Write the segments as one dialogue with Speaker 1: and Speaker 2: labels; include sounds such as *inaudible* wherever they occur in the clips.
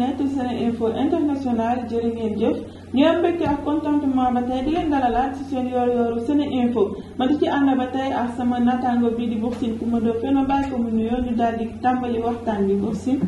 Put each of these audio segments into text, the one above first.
Speaker 1: internet sene info international jërë ngeen jëf ñu am mbégte ak contentement ba tey di leen dalalaat ci seen yoor yooru sene info ma di ci ànd ba tey ak sama nattaango bii di Boursin Coumba Ndoffène ma bàyyi ko mu nuyoo ñu daal di tàmbali waxtaan bi Boursin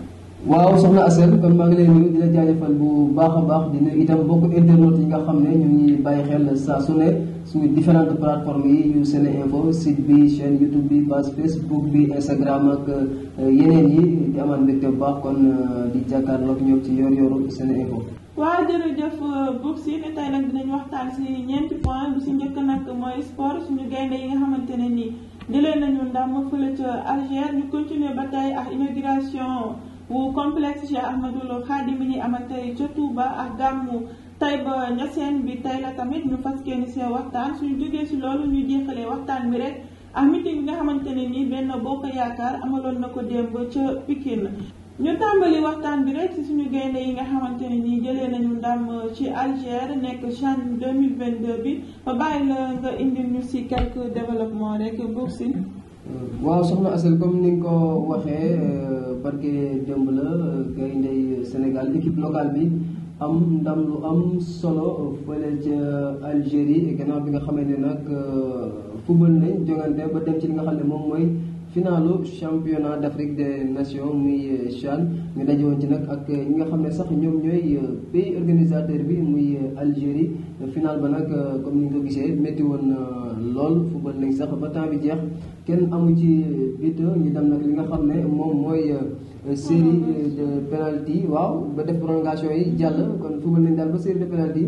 Speaker 2: waaw soxna Asel kon maa ngi lay nuyu di la bu baax a baax di nuyu itam bokk internet yi nga xam ne ñu ngi bàyyi xel saa su ne suñu différentes plateformes yi yu Sene Info site bi chaîne YouTube bi page Facebook bi Instagram ak euh, yeneen yi di amaan mbégte bu baax kon euh, di jàkkaarloog ñoom ci yor yoru Sene Info
Speaker 1: waaw jërëjëf euh, Boups yi ne tey nag dinañ waxtaan si ñeenti point bi si njëkk nag mooy sport suñu gaynde yi nga xamante ne nii jëlee nañu ndam fële ca Alger ñu continuer ba tey ak inauguration wu complexe Cheikh Ahmadou Lo Khadim bi ñuy tey ca Touba ak gàmmu Taïba Niassène bi tay la tamit ñu fas yéene si waxtaan suñu jógee si loolu ñu jeexalee waxtaan bi rek am meeting bi nga xamante ne nii benn boo ko yaakaar amaloon na ko démb ca Pikine. ñu tàmbali waxtaan bi rek si suñu gaynde yi nga xamante ne nii jëlee nañu ndam ci Alger nekk CHAN 2022 bi ba bi la nga indil ñu si quelques développements rek
Speaker 2: Bour Sine. Euh, waaw soxna Asel comme ni nga ko waxee euh, barke démb la euh, gaynde Sénégal équipe locale bi. am ndam lu am solo fële ca Algérie gannaaw bi nga xamee ni nag euh, fubal nañ jogante ba dem ci li nga xam ne moom mooy finalu championnat d'Afrique des Nations muy CHAN ñu daje woon ci nag ak ñi nga xam ne sax ñoom ñooy pays organisateur bi muy Algérie final ba nag euh, comme ni nga ko gisee métti woon lool fubal nañ sax ba temps bi jeex kenn amu ci bit ñu dem nag li nga xam ne moom mooy. Euh, série de penalty waaw ba def prolongation yi jàll kon football nañ daal ba série de penalty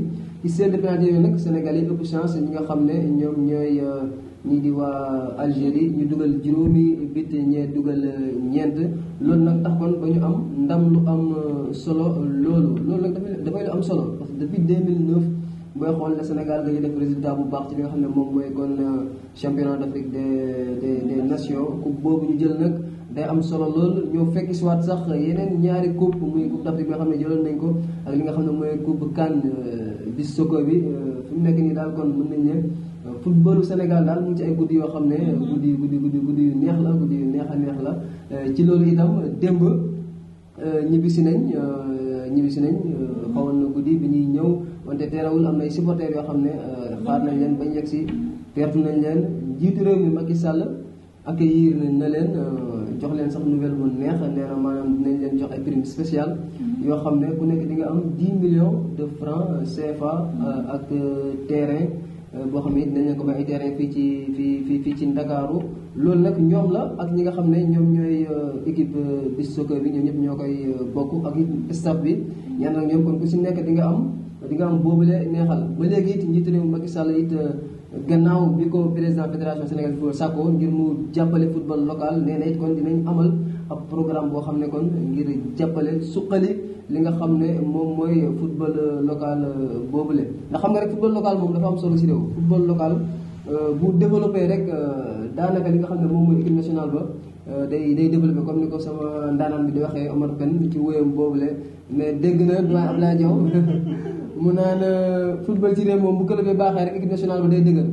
Speaker 2: yi ci série de penalty yooyu nag Sénégal yi ëpp chance ñi nga xam ne ñoom ñooy euh, ñii di waa Algérie ñu dugal juróomi bit ñee dugal euh, ñeent loolu nag tax kon ba ñu am ndam lu am solo loolu loolu nag dafay dafay lu am solo parce que depuis 2009 booy xool ne Sénégal dañuy def résultat bu baax ci xam ne moom mooy kon championnat d'Afrique des des des nations coupe boobu ñu jël nag. day am solo lool ñoo fekk si sax yeneen ñaari coupe muy coupe d'Afrique bi nga xam ne jëloon nañ ko ak li nga xam ne mooy coupe CAN euh, bis soko bi euh, fi mu nekk nii daal kon mën nañ ne euh, footballu Sénégal daal mu ngi ci ay guddi yoo xam ne mm-hmm. guddi guddi guddi guddi yu neex la guddi yu neex a neex la ci loolu itam démb ñibbisi nañ ñibbisi nañ mm-hmm. xawoon na guddi bi ñuy ñëw wante teerawul am nay supporters yoo xam ne xaar nañ leen bañ yegg si teertu nañ leen njiitu réew mi Macky Sall ak nañ na leen euh, jox leen sax nouvelle bu neex nee na maanaam dinañ leen jox ay prime spéciale mhm. yoo xam ne ku nekk di nga am 10 millions de francs euh, CFA mhm. euh, ak terrain boo xam ne ko may ay terrain fii ci fii fii fii ci Ndakaaru loolu nag ñoom la ak ñi nga xam ne ñoom ñooy équipe bi soccer bi ñoom ñoo koy bokk ak staff bi ñaan mhm. nag ñoom kon ku si nekk di nga am di nga am boobule neexal ba léegi it njiitu réew Macky Sall it gannaaw bi ko président fédération Sénégal football sàkko ngir mu jàppale football local nee na kon dinañ amal ab programme boo xam ne kon ngir jàppale suqali li nga xam ne moom mooy football local euh, le ndax xam nga rek football local moom dafa am solo si réew football local euh, bu développé rek euh, daanaka li nga xam ne moom mooy équipe nationale ba. day day comme ni ko sama ndaanaan bi di waxee Omar Pène ci wéyam boobule mais dégg na doyen Abdoulaye Diaw *laughs* mu naan euh, football ci réew moom bu club bi baaxee rek équipe nationale ba day dëgër.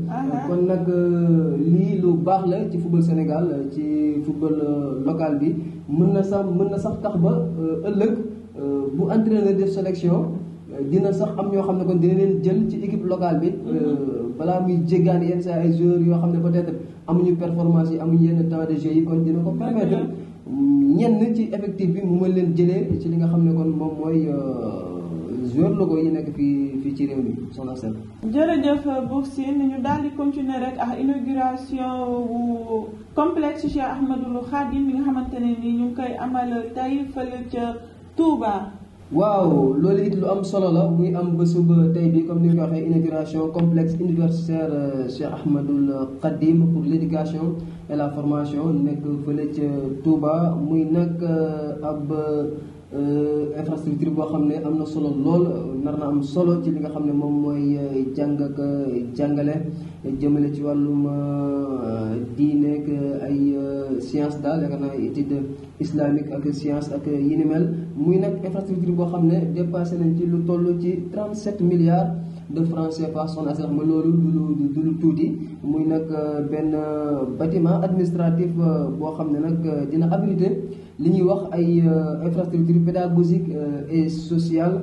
Speaker 2: kon nag euh, lii lu baax la ci football Sénégal euh, ci football local bi mën na sax mën na sax tax ba ëllëg bu entraîneur def sélection dina sax am ñoo xam ne kon dina leen jël ci équipe locale bi. Mhm. balaa muy jéggaani yenn sax ay joueurs yoo xam ne peut-être amuñu performance yi amuñu yenn temps de jeu yi kon dina ko permettre ñenn ci effectif bi mu mën leen jëlee ci li nga xam ne kon moom mooy. joueur logo yi nekk fii fii ci réew mi soxna Seck.
Speaker 1: jërëjëf Bour Sine ñu daal di continuer rek ak inauguration wu complexe Cheikh Ahmadou Khadim bi nga xamante ni ñu ngi koy amal tey fële
Speaker 2: ca waaw loolu it lu am solo la muy am bésu ba tey bi comme ni nga ko waxee inauguration complexe universitaire euh, Cheikh Ahmadul Khadim pour l' et la formation nekk fële ca Touba muy nag euh, ab. Euh, infrastructure boo xam ne am na solo lool nar na am solo ci li nga xam ne moom mooy euh, jàng ak euh, jàngale jëmale ci wàllum diine ak ay science daal yaakaar naa étude islamique ak science ak yi ni mel muy nag infrastructure boo xam ne dépassé nañ ci lu toll ci 37 milliards. de francs CFA son asar ma loolu du du lu tuuti muy nag euh, benn euh, bâtiment administratif euh, boo xam ne nag dina habilité li ñuy wax ay infrastructure pédagogique et sociale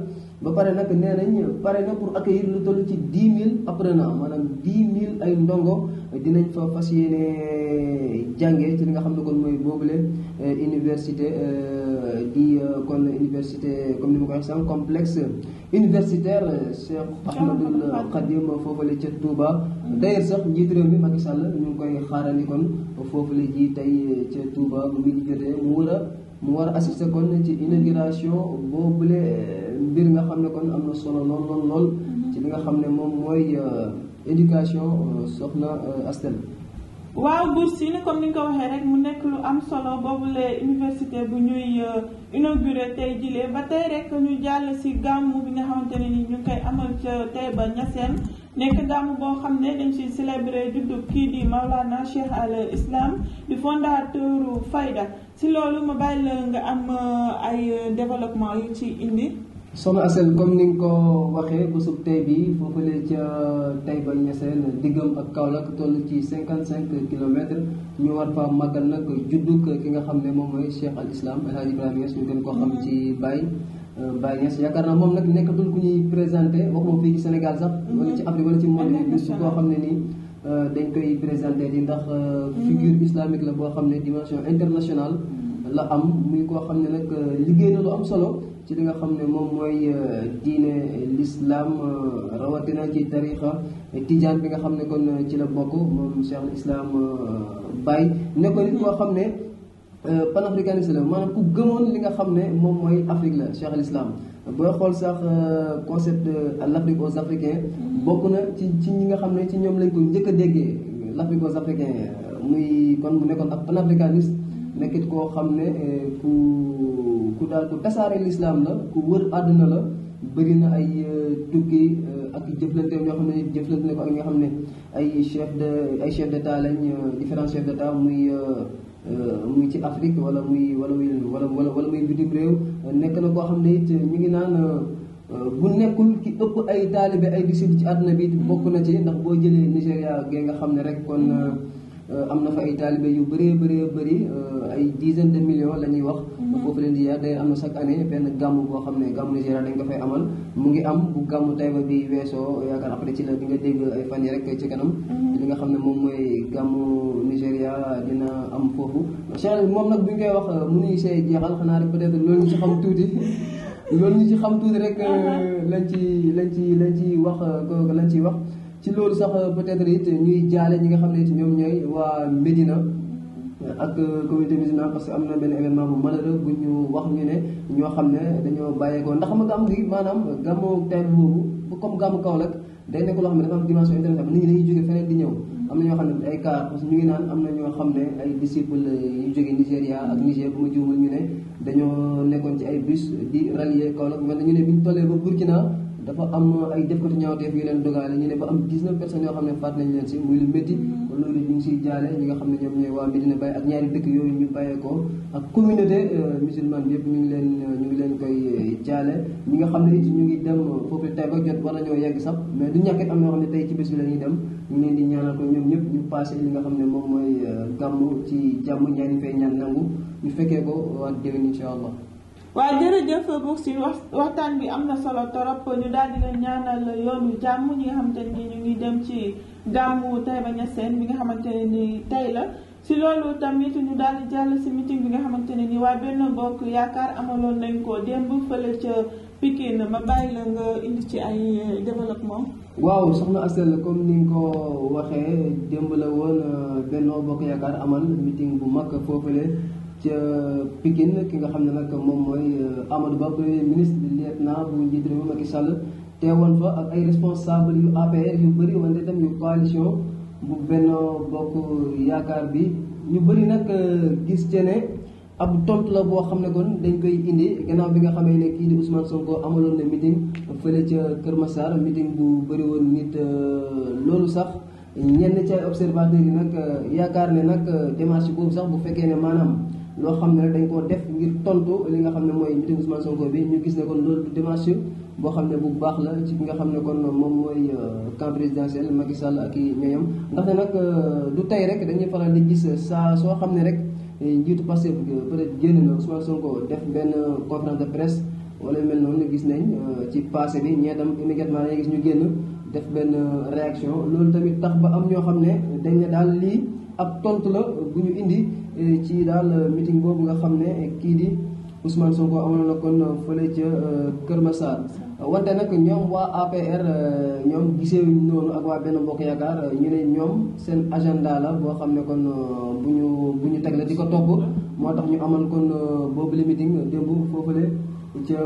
Speaker 2: ba pare nag nee nañ pare na pour accueillir lu toll ci dix mille apprenants maanaam dix mille ay ndongo dinañ fa fas yéene jànge ci li nga xam ne kon mooy boobule euh, université euh, di euh, kon université comme ni ma ko waxee sànq complexe universitaire Cheikh Ahmadoul Khadim foofule ca Touba. d'ailleurs sax njiitu réew mi Macky Sall ñu ngi koy xaarandi kon foofule ji tey ca Touba bu muy jotee mu war a assister kon ci inauguration boobule eh, mbir nga xam ne kon am na solo lool lool lool ci li nga xam ne moom mooy eh, éducation eh, soxna Astel.
Speaker 1: waaw si ni comme ni nga ko waxee rek mu nekk lu am solo boobule université bu ñuy inauguré tey jilee ba tey rek ñu jàll si gàmmu bi nga xamante ni ñu koy amal tey ba Niassène nekk gàmmu boo xam ne dañ ciy célébré juddu kii di Maulana Cheikh al Islam di fondateur Fayda. si loolu ma bàyyi la nga am euh, ay euh, développement yu ci indi.
Speaker 2: soxna Asel comme ni nga ko waxee bésub tey bi foofule ca euh, Taïba Niassène diggam ak Kaolack toll ci cinquante cinq kilomètres ñu war fa màggal nag juddug ki nga xam ne moom mooy Cheikh al Islam El Hadj Ibrahima Niass ñu gën koo xam ci mm-hmm. Baye Baye Niass yaakaar naa moom nag nekkatul ku ñuy présenté waxuma fii ci Sénégal sax. Mm-hmm. wala ci Afrique wala ci monde si koo xam ne nii. Euh, dañ koy présenté yi ndax euh, mm-hmm. figure islamique la boo xam ne dimension internationale la am muy koo xam ne nag euh, liggéey na lu am solo ci li nga xam ne moom mooy diine l'islam rawatina ci tarixa tijaan bi nga xam ne kon ci la bokk moom Cheikh al Islam Baye ne nit koo mm-hmm. xam ne Euh, panafricaniste la maanaam ku gëmoon li nga xam ne moom mooy Afrique la Cheikh al Islam booy xool sax euh, concept de l'Afrique aux Africains bokk na ci ci ñi nga xam ne ci ñoom lañ ko njëkk a déggee l'Afrique aux Africains euh, muy kon mu nekkoon ab panafricaniste nekkit koo xam ne ku ku daal ku tasaare l'islam la ku wër àdduna la bëri na ay tukki ak jëflante ñoo xam ne jëflante ne ko ak ñoo xam ne ay chef de ay chef d'état lañ différents chefs d'état muy Euh, muy ci Afrique wala muy wala muy wala wala muy bitim réew nekk na koo xam ne it ñu ngi naan euh, bu nekkul ki ëpp ay taalibe ay disciple ci àdduna bi it bokk na ci ndax boo jëlee Nigéria gee nga xam ne rek kon. Euh, Euh, am na fa ay taalibe yu bëree bëree bëri euh, ay dizaine de millions la ñuy wax. Mhm. foofu leen di yaay day am na chaque année benn gàmmu boo xam ne gàmmu Nigéria dañ ko fay amal mu ngi am bu gàmmu Taïba bi weesoo yaakaar après ci la di nga dégg ay fan yi rek ci kanam. Mhm. li nga xam ne moom mooy gàmmu Nigéria dina am foofu. Cheikh moom nag bu ñu koy wax euh, mënuñu see ñeexal xanaa rek peut-être loolu ñu ci xam tuuti. *laughs* loolu ñu ci xam tuuti rek uh-huh. lañ ci lañ ci lañ ci wax lañ ciy wax. ci loolu sax euh, peut-être it ñuy jaale ñi nga xam ne it ñoom ñooy waa Médina euh, ak euh, communauté musulmane parce que am na benn événement bu malheureux bu ñu wax ñu ne ñoo xam ne dañoo bàyyeekoo ndax ma gàmm gi maanaam gàmmu tey boobu comme gàmmu Kaolack day nekk loo xam ne dafa am dimension internationale nit ñi dañuy jóge feneen di ñëw am na ñoo xam ne ay cas parce que ñu ngi naan am na ñoo xam ne ay disciple yu jóge Nigéria ak Niger bu ma juumul ñu ne dañoo nekkoon ci ay bus di rallier Kaolack mais dañu ne bi ñu tollee ba Burkina dafa am ay def ko te ñaawteef yu leen dogaale ñu ne ba am 19 personnes yoo xam ne faat nañ leen si muy lu métti kon loolu ñu ngi jaale nga xam ne ñoom ñooy waa Medina Baye ak ñaari dëkk ñu yëpp euh, ñu ngi leen ñu leen koy euh, jaale ñi nga xam ne ñu ngi dem foofu tey ba jot war nañoo yegg sax mais du ñàkk am na yoo xam ne ci bés bi la ñuy dem ñu ngi leen di ñaanal ñoom ñëpp ñu passé li nga xam ne moom mooy euh, gàmmu ci jàmm ñaari fay ñaan nangu ñu fekkee ko waat déwén incha allah
Speaker 1: waaye jërëjëf bokk si waxtaan bi am na solo torop ñu daal di leen ñaanal yoonu jàmm ñi nga xamante ni ñu dem ci gàmmu Taïba Niassène bi nga xamante ne ni tey la si loolu tamit ñu daal di jàll si meeting bi nga xamante ne ni waaye benn bokk yaakaar amaloon nañ ko démb fële ca Pikine ma bàyyi la nga indi ci ay euh, développement
Speaker 2: waaw soxna Asel comme ni ko waxee démb la woon euh, benn bokk yaakaar amal meeting bu mag foofule ca Pikine ki nga xam ne nag moom mooy euh, Amadou Ba premier ministre di lieutenant bu njiit réew Macky Sall teewoon fa ak ay responsable yu APR yu bari wante tam yu coalition bu Benno Bokk Yaakaar bi ñu bëri nag euh, gis ci ne ab tontu la boo xam ne kon dañ koy indi gannaaw bi nga xamee ne kii di Ousmane Sonko amaloon na meeting fële ca Kër Massar meeting bu bëri woon nit euh, loolu sax ñenn ci ay yi nag yaakaar ne nag démarche boobu sax bu fekkee ne maanaam loo xam ne dañ koo def ngir tontu li nga xam ne mooy meeting Ousmane Sonko bi ñu gis ne kon loolu démarche boo xam ne bu baax la ci bi nga xam ne kon moom mooy euh, camp présidentiel Macky Sall ak i ñoñam ndaxte nag euh, du tey rek dañuy faral di gis saa soo xam ne rek eh, njiitu Pastef euh, peut-être génn na Ousmane Sonko def benn conférence de presse wala mel noonu gis nañ ci passé bi ñee tam immédiatement dañuy gis ñu génn def benn réaction loolu tamit tax ba am ñoo xam ne dañ ne daal lii ab tontu la bu ñu indi eh, ci daal eh, meeting boobu nga xam ne eh, kii di Ousmane Sonko amoon na kon fële ca Kër Massar wante nag ñoom waa APR ñoom giseewuñ noonu ak waa benn mbokk yaakaar ñu ne ñoom seen agenda la boo xam ne kon bu ñu bu ñu teg la di ko togg moo tax ñu amal kon boobu le meeting démb foofule ca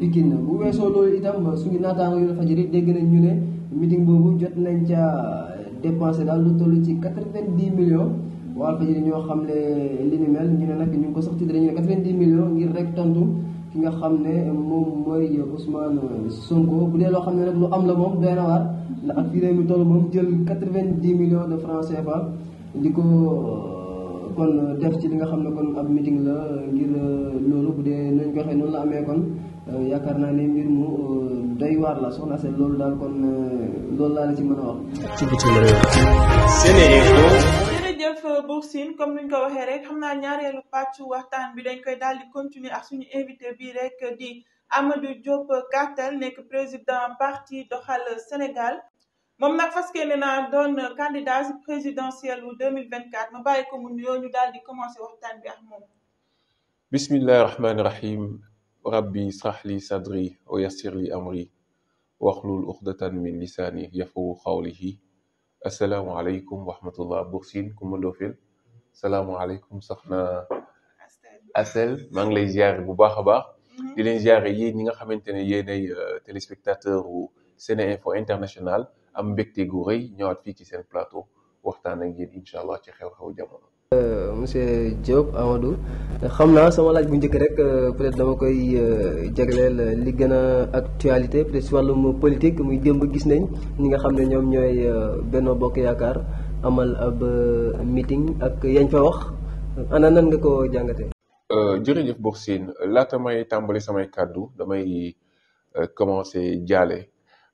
Speaker 2: Pikine bu weesoo loolu itam suñu naataango yu Walfadjri dégg nañ ñu ne meeting boobu jot nañ ca dépensé daal lu toll ci quatre-vingt-dix millions Walfadjri ñoo xam ne li ni mel ñu ne nag ñu ngi ko sax tuddee ñu ne quatre-vingt-dix millions ngir rek tontu ki nga xam ne moom mooy Ousmane Sonko bu dee loo xam ne nag lu am la moom doy na waar ndax ak fii réew mi toll moom jël quatre-vingt-dix millions de francs CFA di ko euh, kon def ci li nga xam ne kon ab meeting la ngir euh, loolu bu dee nañ ko waxee noonu la amee kon euh, yaakaar naa ne mbir mu. doy waar la soxna Sène loolu daal kon euh, loolu laa la ci mën a wax. ci bitim réew.
Speaker 1: jërëjëf euh, Buur Sine comme ni ñu ko waxee rek xam naa ñaareelu pàccu waxtaan bi dañ koy daal di continuer ak suñu invité bi rek di Amadou Diop Kartel nekk président parti doxal Sénégal moom na fas yéene naa doon candidat présidentiel wu 2024 ma bàyyi ko mu nuyoo ñu daal di commencer waxtaan bi ak moom.
Speaker 3: bismillahi rabbi israh li sadri wa yassir li amri waxlul uxdatan min lisaani yafawu xawlihi assalaamu aleykum waraxmatullah buur siin kumba ndoofeen salaamu aleykum soxna Asel maa ngi lay ziare bu baax a baax mhm. di leen ziare yéen ni nga xamante ne yéenay euh, téléspectateur u Sene Info International am mbégte gu rëy ñëwaat fii ci sen plateau waxtaan ak yéen incha allah ci xew-xew
Speaker 2: jamono Euh, monsieur Diop Amadou xam naa sama laaj bu njëkk rek euh, peut-être dama koy euh, jagleel li gën a actualité peut-être si wàllum politique muy démb gis nañ ñi nga xam ne ñoom ñooy benn Bokk Yaakaar amal ab meeting ak yañ fa wax ana nan nga ko jàngatee.
Speaker 3: jërëjëf Bokk Sine laata may tàmbali samay kàddu damay commencer jaale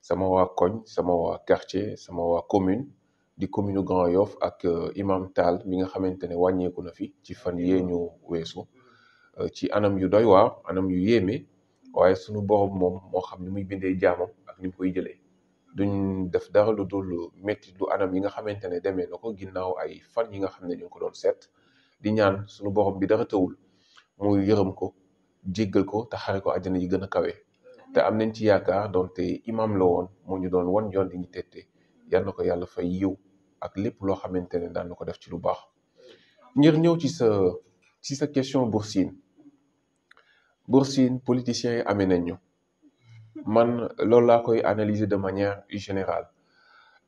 Speaker 3: sama waa koñ sama waa quartier sama waa commune. di commune Grand Yoff ak euh, Imam Tall mi nga xamante ne wàññeeku na fi ci fan yee ñu weesu euh, ci anam yu doy waar anam yu yéeme waaye sunu borom moom moo xam ni muy bindee jaamam ak ni koy jëlee duñ def dara lu dul mettit lu anam yi nga xamante ne demee na ko ginnaaw ay fan yi nga xam ne ñu ko doon seet di ñaan sunu borom bi dara tëwul mu yërëm ko jéggal ko te xare ko àjjana yi gën a kawe te am nañ ci yaakaar doonte imam la woon moo ñu doon wan yoon di ñu yal na ko yàlla fay yiw ak lépp loo xamante ne daan na ko def ci lu baax ngir ñëw ci sa ci sa question Boursine Boursine politiciens yi amee nañ ñu man loolu laa koy analyser de manière générale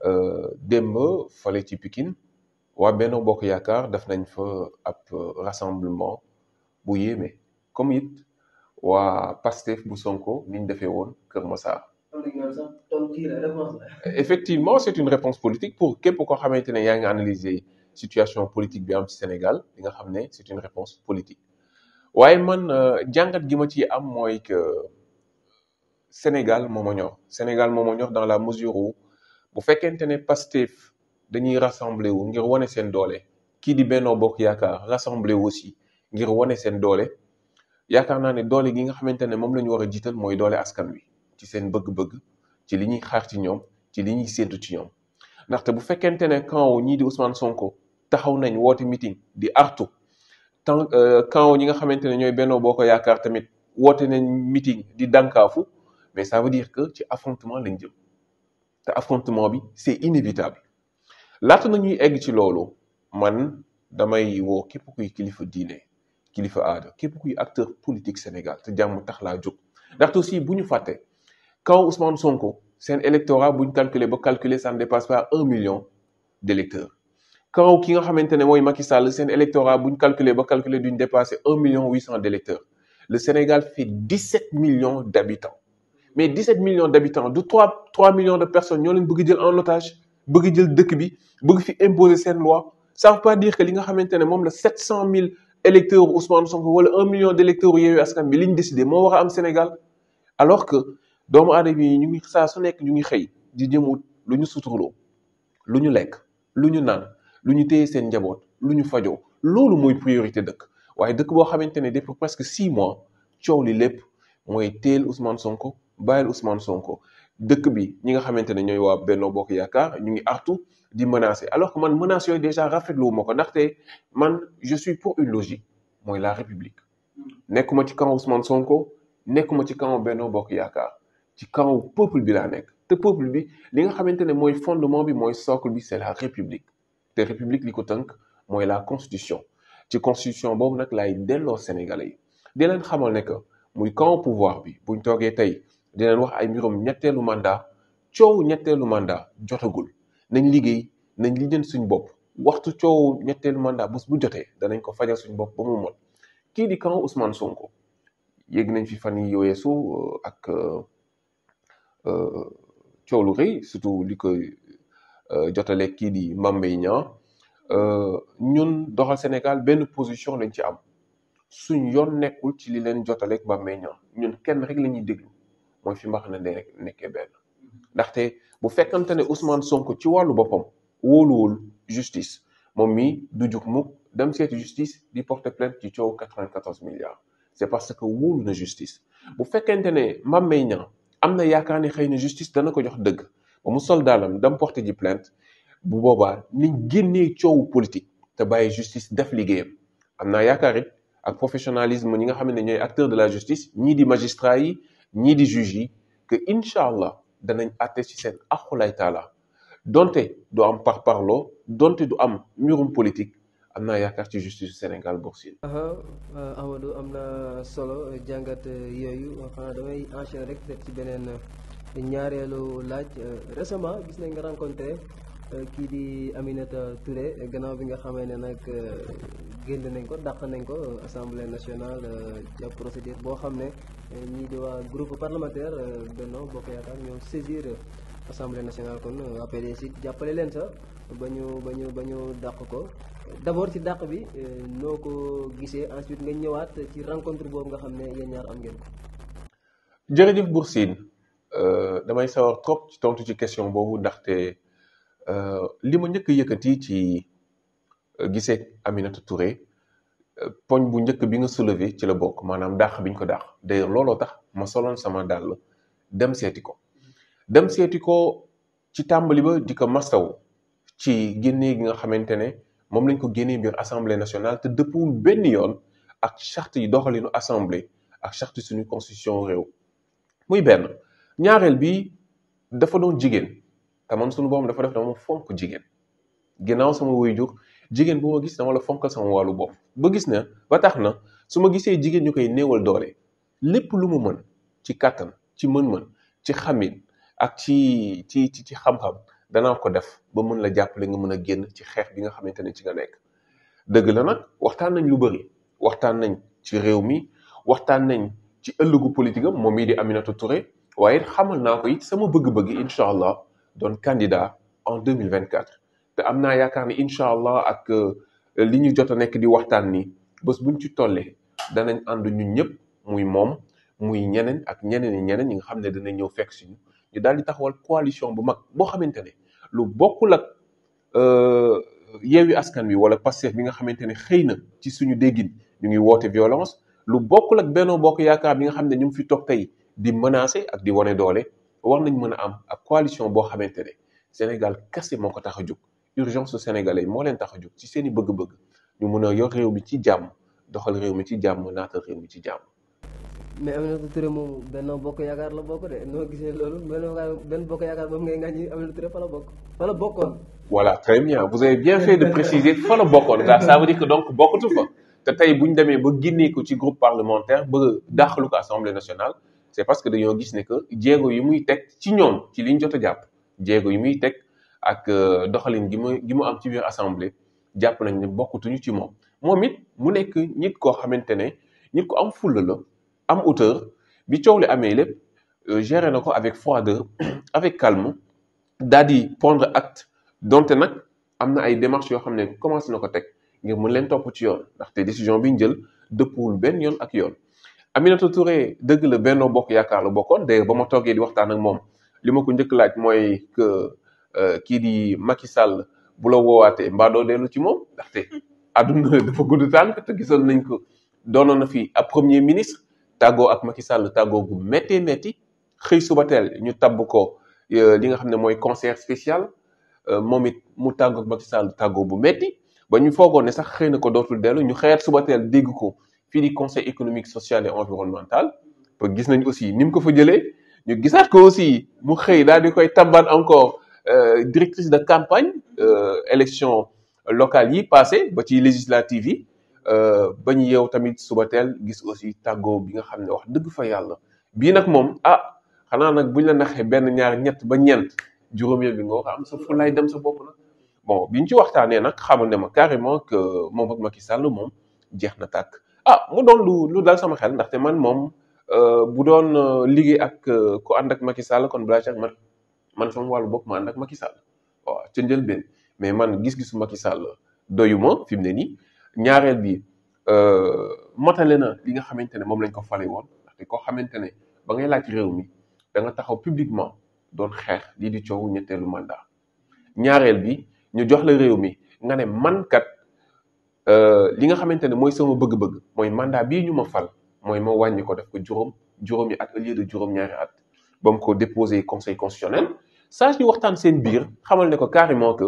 Speaker 3: euh, démb fale ci Pikine waa benn Bokk Yaakaar def nañ fa ab rassemblement bu yéeme comme it waa Pastef bu Sonko niñ defee woon Kër Massar effectivement c'est une réponse politique pour képp koo xamante ne yaa ngi analyser situation politique bi am ci Sénégal nga xam ne c'est une réponse waaye man euh, jàngat gi ma ci am mooy que Sénégal moo ma ñor Sénégal moo ma ñor dans la mesure bu fekkente ne Pastef dañuy rassembler wu ngir wane seen doole kii di Benno Bokk Yaakaar rassembler wu aussi ngir wane seen doole yaakaar naa ne doole gi nga xamante ne moom la ñu war a jiital mooy doole askan wi ci seen bëgg-bëgg. ci li ñuy xaar ci ñoom ci li ñuy séntu ci ñoom ndaxte bu fekkente ne camp wu ñii di Ousmane Sonko taxaw nañ woote meeting di artu tant euh, camp wu ñi nga xamante ne ñooy Benno Bokk Yaakaar tamit woote nañ meeting di dànkaafu mais ça veut dire que ci affrontement lañ jëm te affrontement bi c'est inévitable laata nañuy egg ci loolu man damay woo képp kuy kilifa diine kilifa aada képp kuy acteur politique Sénégal te jàmm tax laa jóg ndaxte aussi bu ñu fàtte. quand Ousmane Sonko seen électorat bu ñu calculer ba calculer ça ne dépasse pas un million d'électeurs quand ki nga xamante ne mooy Macky Sall seen électorat bu ñu calculer ba calculer duñ dépasser un million huit cent d'électeurs le Sénégal fait dix-sept millions d'habitants mais dix-sept millions d'habitants du trois trois millions de personnes ñoo leen bëgg jël en otage bëgg jël dëkk bi bëgg fi imposer seen loi ça veut pas dire que li nga xamante ne moom la sept cent mille électeurs Ousmane wala un million d'électeurs Yewwi Askan bi li ñu décidé moo war a am Sénégal alors que doomu aadama yi ñu ngi saa su nekk ñu ngi xëy di jëm wut lu ñu suturloo lu ñu lekk lu ñu naan lu ñu téye seen njaboot lu ñu fajoo loolu mooy priorité dëkk waaye dëkk boo xamante ne depuis presque six mois coow li lépp mooy teel Ousmane Sonko bàyyil Ousmane Sonko dëkk bi ñi nga xamante ne ñooy waa Benno Bokk Yaakaar ñu ngi artu di menacer alors que man menaces yooyu déjà rafetlu wu ma ko ndaxte man je suis pour une logique mooy la république nekkuma ci camp Ousmane Sonko nekkuma ci camp Benno Bokk Yaakaar. ci kaw peuple bi laa nekk te peuple bi li nga xamante ne mooy fondement bi mooy socle bi c'est la république te république li ko tënk mooy la constitution ci constitution boobu nag laay delloo Sénégalais yi di leen xamal ne que muy camp pouvoir bi buñ toogee tey di leen wax ay mbirum ñetteelu mandat coow ñetteelu mandat jotagul nañ liggéey nañ lijjën suñ bopp waxtu coow ñetteelu mandat bés bu jotee danañ ko fajal suñ bopp ba mu mot kii di camp Ousmane Sonko yéeg nañ fi fan yi weesu euh, ak. Euh, Euh, coow lu rëy surtout li koy euh, jotale kii di Mame Mbaye Niang euh, ñun doxal Sénégal benn position lañ ci am suñ yoon nekkul ci li leen jotaleeg Mame Mbaye Niang ñun kenn rek la ñuy déglu mooy fi mbax na rek nekkee benn ndaxte bu fekkante ne Ousmane Sonko ci wàllu boppam wóoluwul justice moom mii du jug mukk dem seeti justice di porter plainte ci coow 94 milliards c'est parce que wóolu na justice bu fekkente ne Mame Mbaye Niang am na yaakaar ne xëy na justice dana ko jox dëgg ba mu sol daalam dam porté ji plainte bu boobaa niñ génnee coowu politique te bàyyi justice def liggéeyam am na yaakaarit ak professionnalisme ñi nga xam ne ñooy acteur de la justice ñii di magistrat yi ñii di juge yi que incha allah danañ àtte ci seen axulaay taala donte du am parparloo donte du am mbirum politique am na yaakaar ci justice Sénégal boursin
Speaker 2: euh, Amadou am solo jàngat euh, yooyu xanaa damay enchaîner rek ci beneen euh, ñaareelu laaj récemment gis nañ nga rencontré kii di aminat Aminata Touré gannaaw bi nga xamee ne nag génn nañ ko dàq nañ ko assemblée nationale ca procédure boo xam ne ñii di waa groupe parlementaire Benno Bokk Yaakaar ñoo saisir assemblée nationale kon waa PDS jàppale leen sa ba ñu ba ñu ba ñu dàq ko d'abord ci dàq bi euh, noo ko gisee ensuite nga ñëwaat ci rencontre boobu nga xam ne yéen ñaar am ngeen ko.
Speaker 3: jërëjëf Bour Sine euh, damay sawar trop ci tontu ci question boobu ndaxte euh, li ma njëkk yëkkati ci gisee Aminata Touré poñ bu njëkk bi nga soulevé ci la bokk maanaam dàq biñ ko dàq d'ailleurs looloo tax ma soloon sama dàll dem seeti ko. dem seeti ko ci tàmbali ba di ko mastaw ci génnee gi nga xamante ne moom lañ ko génnee biir assemblée nationale te dëppwul benn yoon ak charte yi doxalinu assemblée ak charte suñu constitution réew muy benn ñaareel bi dafa doon jigéen te man suñu boom dafa def dama fonk jigéen ginnaaw sama jur jigéen bu ma gis dama la fonkal sama wàllu bopp ba gis na ba tax na su ma gisee jigéen ñu koy néewal doole lépp lu ma mën ci kàttan ci mën-mën ci xamin ak ci ci ci xam-xam danaa ko def ba mën la jàppale nga mën a génn ci xeex bi nga xamante ne ci nga nekk dëgg la nag waxtaan nañ lu bëri waxtaan nañ ci réew mi waxtaan nañ ci ëllëgu politique moom mii di Aminata Touré waaye xamal naa ko it sama bëgg-bëgg incha allah doon candidat en deux mille vingt quatre te am naa yaakaar ni incha allah ak euh, li ñu jot a nekk di waxtaan ni bés buñ ci tollee danañ ànd ñun ñëpp muy moom muy ñeneen ak ñeneen ñeneen ñi nga xam ne danañ ñëw fekk si ñu daal di taxawal coalition bu mag boo xamante ne lu bokkul ak euh, yeewi askan wi wala Pastef bi nga xamante ne xëy na ci suñu déggin ñu ngi woote violence lu bokkul ak Benno Bokk Yaakaar bi nga xam ne ñu ngi fi toog tey di menacer ak di wane doole war nañ mën a am ak coalition boo xamante ne Sénégal kese moo ko tax a jóg urgence su sénégalais moo leen tax a jóg ci seen i bëgg-bëgg ñu mën a yor réew mi ci jàmm doxal réew mi ci jàmm naatal réew mi ci jàmm.
Speaker 2: mais Aminata Touré moom Benno Bokk Yaakaar la bokk de noo gisee loolu Benno Bokk Yaakaar moom ngay ngàññi Aminata Touré fa la bokk fa la bokkoon.
Speaker 3: voilà très bien vous avez bien fait de préciser *laughs* fa la bokkoon car ça veut dire que donc bokkatu fa te tey bu ñu demee ba génnee ko ci groupe parlementaire ba dàqalu ko assemblée nationale c' est parce que dañoo gis ne que jéego yi muy teg ci ñoom ci liñ jot a jàpp jéego yi muy teg ak euh, doxalin gi mu gi mu am ci biir assemblée jàpp nañ ne bokkutuñu ci moom moom it mu nekk nit koo xamante ne nit ko am fulla am hauteur bi coow li amee lépp euh, géré na ko avec froideur *clears throat* avec calme daal di prendre acte donte nag am na ay démarches yoo xam ne commencé na ko teg ngir mën leen topp ci yoon ndaxte décision bi ñu jël dëppuwul benn yoon ak yoon. Aminata Touré dëgg la benn Bokk Yaakaar la bokkoon d'ailleurs ba ma toogee di waxtaan ak moom li ma ko njëkk laaj mooy que euh, kii di Macky Sall bu la woowaatee mbaa doo dellu ci moom ndaxte *laughs* àdduna dafa gudd te gisoon nañ ko doonoon na fi ab premier ministre. tàggoo ak Macky Sall tàggoo gu méttee métti xëy subateel ñu tàbb ko euh, li nga xam ne mooy conseil spécial euh, moom it mu tàgg ak Macky Sall tàggoo bu métti ba ñu foogoon ne sax xëy na ko dootul dellu ñu xëyaat subateel dégg ko fii di conseil économique social et environnemental ba gis nañu aussi ni mu ko fa jëlee ñu gisaat ko aussi mu xëy daal di koy tabbaat encore euh, directrice de campagne élection locale yi passé ba ci législative yi Euh, ba ñu yeew tamit suba teel gis aussi tàggoo bi nga xam ne wax dëgg fa yàlla bii nag moom ah xanaa nag buñ la naxee benn ñaar ñett ba ñeent juróomeel bi nga wax am sa fulaay dem sa bopp nag bi biñ ci waxtaanee nag xamal ne ma carrément que moom ak Macky Sall moom jeex na tàkk ah mu doon lu lu dal sama xel ndaxte man moom euh, bu doon euh, liggéey ak ku ànd ak Macky Sall kon balaa man sama wàllu bopp ma ànd ak Macky Sall waaw ca njëlbeen mais man gis-gisu Macky Sall doyu ñaareel bi euh, motale na li nga xamante ne moom lañ ko fale woon ndaxte koo xamante ne ba ngay laaj réew mi da nga taxaw publiquement doon xeex lii di coow ñetteelu mandat ñaareel bi ñu jox la réew mi nga ne mankat kat euh, li nga xamante ne mooy sama bëgg-bëgg mooy mandat bii ñu ma fal mooy moo wàññi ko def ko juróom juróomi at au lieu de juróom-ñaari at ba ko déposé conseil constitutionnel saa ñu waxtaan seen biir xamal ne ko carrément que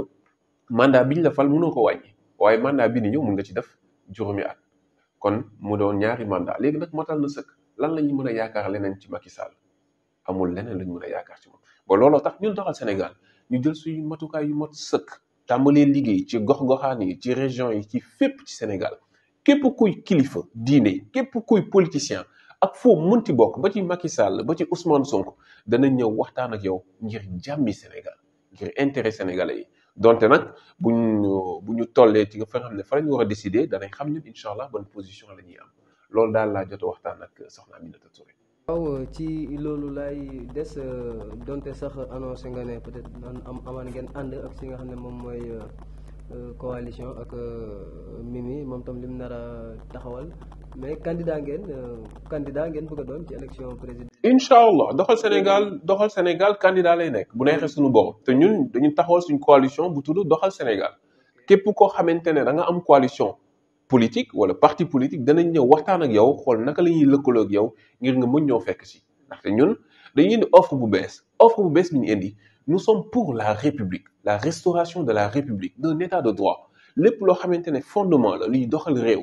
Speaker 3: mandat bi ñu la fal mënoo ko wàññi. waaye mandat bi ni ñëw mun nga ci def juróomi at kon mu doon ñaari mandat léegi nag matal na sëkk lan la ñu mën a yaakaar leneen ci Macky sàll amul leneen lañ mën a yaakaar ci moom ba looloo tax ñun doxal Sénégal ñu jël suñu matukaay yu mot sëkk tàmbalee liggéey ci gox-goxaan yi ci région yi ci fépp ci Sénégal képp kuy kilifa diine képp kuy politicien ak foo munti bokk ba ci Macky sàll ba ci Ousmane Sonko danañ ñëw waxtaan ak yow ngir jàmmi Sénégal ngir intérêt yi donte nag bu ñu bu ñu tollee ci nga fa xam ne fa la ñu war a décider danañ xam ne incha allah bonne position la ñuy am loolu daal laa jot waxtaan ak soxna Aminata Touré.
Speaker 2: waaw ci loolu lay des euh, donte sax annoncé nga ne peut-être am amaan ngeen ànd ak si nga xam ne moom mooy. Euh, coalition ak euh, Mimi moom tam lim nar a taxawal mais candidat ngeen euh, candidat ngeen bëgg a doon ci élection présidentielle.
Speaker 3: incha allah doxal Sénégal doxal Sénégal candidat lay nekk bu neexee suñu bopp te ñun dañu taxawal suñu coalition bu tudd doxal Sénégal képp koo xamante ne da nga am coalition. politique wala parti politique danañ ñëw waxtaan ak yow xool naka la ñuy lëkkaloo yow ngir nga mën ñoo fekk si ndaxte ñun dañuy indi offre bu bees offre bu bees bi ñu indi nous sommes pour la république la restauration de la république d'un état de droit lépp loo xamante ne fondement la luy doxal réew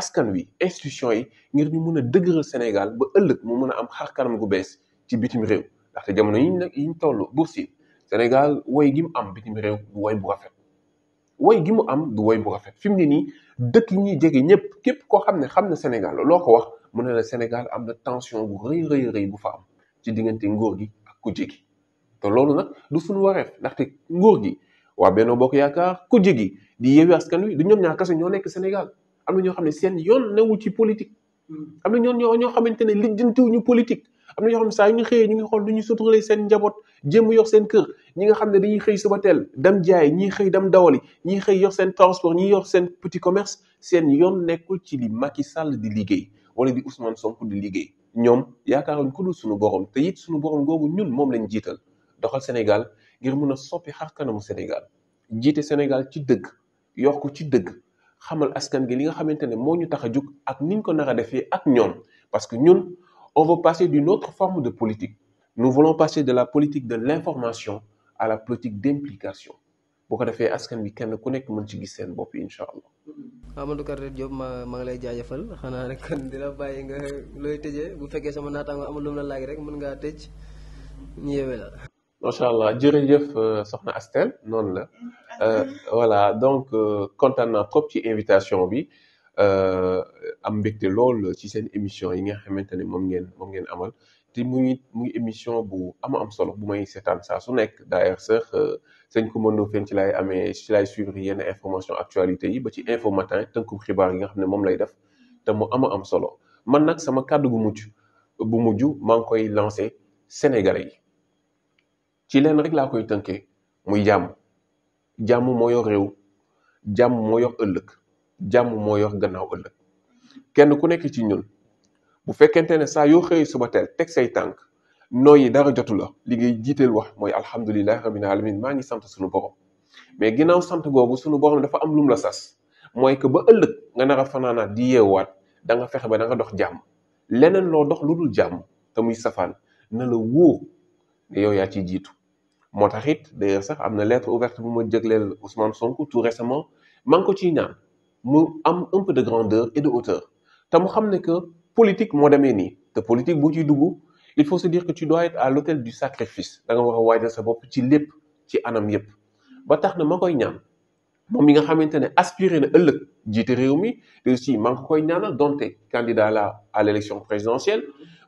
Speaker 3: askan wi institution yi ngir ñu mun a dëgëral Sénégal ba ëllëg mu mun a am xar kanam gu bees ci bitim réew ndaxte jamono yi ñu yi ñu tollu bourse yi Sénégal woy gi mu am bitim réew du woy bu rafet woy gi mu am du woy bu rafet fi mu ne nii dëkk yi ñuy jege ñëpp képp koo xam ne xam ne Sénégal loo ko wax mu ne la Sénégal am na tension bu rëy rëy rëy bu fa am ci diggante nguur gi ak ku te loolu nag du suñu wareef ndaxte nguur gi waa benn Bokk Yaakaar ku jegi di Yewwi Askan Wi du ñoom ñaar kese ñoo nekk Sénégal am na ñoo xam ne seen yoon newul ci politique. am na ñoon ñoo ñoo xamante ne lijjantiwuñu politique am na ñoo xam ne saa yu ñu xëyee ñu ngi xool du ñu suturale seen njaboot jéem a seen kër ñi nga xam ne dañuy xëy suba teel dem jaay ñii xëy dem dawali ñii xëy yor seen transport ñii yor seen petit commerce seen yoon nekkul ci li Macky sàll di liggéey wala di Ousmane Sonko di liggéey ñoom yaakaaruñ ku dul suñu borom te it suñu borom googu ñun moom lañ jiital doxal Sénégal ngir mun a soppi xar kanamu Sénégal jiite Sénégal ci dëgg yor ko ci dëgg xamal askan gi li nga xamante ne moo ñu tax a jug ak niñ ko nar a defee ak ñoom parce que ñun on veut passer d'une autre forme de politique nous voulons passer de la politique de l'information à la politique d'implication boo ko defee askan bi kenn ku nekk mën ci gis seen bopp incha allah.
Speaker 2: Amadou Karate Diop ma ma ngi lay jaajëfal xanaa rek kon di bàyyi nga looy bu fekkee sama naataango amul lu mu la laaj rek mën ngaa tëj
Speaker 3: macha allah jërëjëf euh, soxna Astel noonu la euh, voilà donc euh, kontaan naa trop ci invitation bi am mbégte lool ci seen émission yi nga xamante ne moom ngeen moom ngeen amal te muy muy émission bu am am solo bu may seetaan saa su nekk d'ailleurs sax sëñ ko mën feen ci laay amee ci laay suivre yenn information actualité yi ba ci info matin tënku xibaar yi nga xam ne moom lay def te mu am am solo man nag sama kàddu gu mujj bu mujj maa ngi koy lancé Sénégalais yi. ci leen rek laa koy tënkee muy jàmm jàmm moo yor réew jàmm moo yor ëllëg jàmm moo yor gannaaw ëllëg kenn ku nekk ci ñun bu fekkente ne saa yoo xëy suba teel teg say tànk yi dara jotu la li ngay jiiteel wax mooy alhamdulilah rabbil alamin maa ngi sant suñu borom mais ginnaaw sant googu suñu borom dafa am lum la sas mooy que ba ëllëg nga nar a fanaanaat di yeewaat danga fexe ba da dox jàmm leneen loo dox lu dul jàmm te muy safaan na yow yaa ciy jiitu moo tax it d'ailleurs sax am na lettre ouverte bu ma jëgleel Ousmane Sonko tout récemment maa ngi ko ciy ñaan mu am un peu de grandeur et de hauteur te mu xam ne que politique moo demee nii te politique boo ciy dugg il faut se dire que tu dois être à l'autel du sacrifice da nga war a waajal sa bopp ci lépp ci anam yépp ba tax na ma koy ñaan moom bi nga xamante ne aspiré na ëllëg jiite réew mi te aussi maa ngi koy ñaanal donte candidat la à l'élection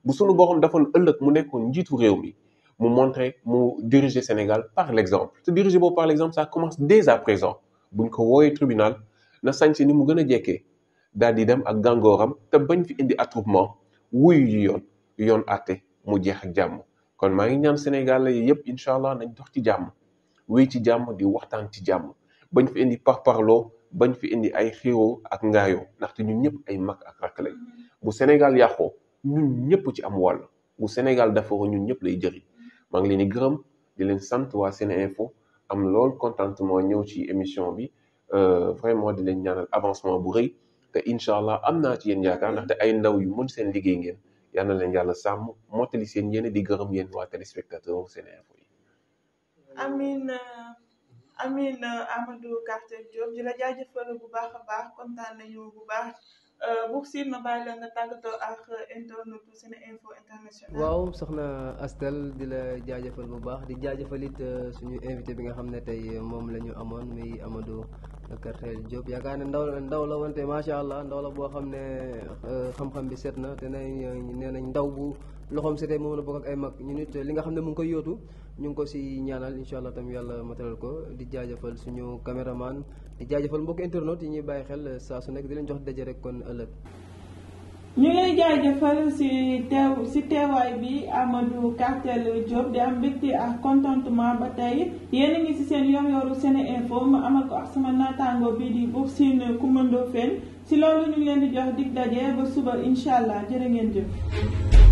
Speaker 3: bu sunu borom defoon ëllëg mu nekkoon njiitu réew mi. mu montrer mu diriger Sénégal par l'exemple te diriger boobu par l'exemple ça commence dès à présent buñ ko wooyee tribunal na sañ si ni mu gën a jekkee daal di dem ak gàngooram te bañ fi indi attroupement wuyu yoon yoon àtte mu jeex ak jàmm kon maa ngi ñaan Sénégal yi yëpp incha allah nañ dox ci jàmm wéy ci jàmm di waxtaan ci jàmm bañ fi indi par parloo bañ fi indi ay xéewoo ak ngaayoo ndaxte ñun ñëpp ay mag ak rakk lañ bu Sénégal yàqo ñun ñëpp ci am wàll bu Sénégal dafa ñun ñëpp lay jëriñ maa ngi leen di gërëm di leen sant waa seen info am lool contentement ñëw ci émission bi euh, vraiment di leen ñaanal avancement bu rëy te incha allah am na ci yéen yaakaar ndaxte ay ndaw yu mën seen liggéey ngeen yal na leen yàlla sàmm mottali seen yéene di gërëm yéen waa téléspectateur seen info yi.
Speaker 1: amiin amiin Amadou Kartel Diop di la jaajëfal bu baax a baax kontaan nañu bu baax. Euh, Bouxine eh,
Speaker 2: waaw soxna Astel di la jaajëfal bu baax di jaajëfal it eh, suñu invité bi nga xam ne tey moom la ñu amoon muy Amadou Dakar tey yaakaar ne ndaw la la wante macha allah ndaw la boo xam ne euh, xam-xam bi set na te nay nee nañ ndaw bu loxoom setee moom la bokk ak ay mag ñu nit li nga xam ne mu ngi koy yóotu ñu ngi ko si ñaanal incha allah tam yàlla matalal ko di jaajëfal suñu caméraman di jaajëfal mbokk internet yi ñuy bàyyi xel saa su nekk di leen jox daje rek kon ëllëg. ñu lay jaajëfal si teew si
Speaker 1: teewaay bi Amadou Kartel Diop di am mbégte ak contentement ba tey yéen a ngi si seen yor-yoru Sene Info mu amal ko ak sama naataango bii di Bour Sine Coumba Ndoffène si loolu ñu leen di jox dig daje ba suba incha allah jërë ngeen jëf.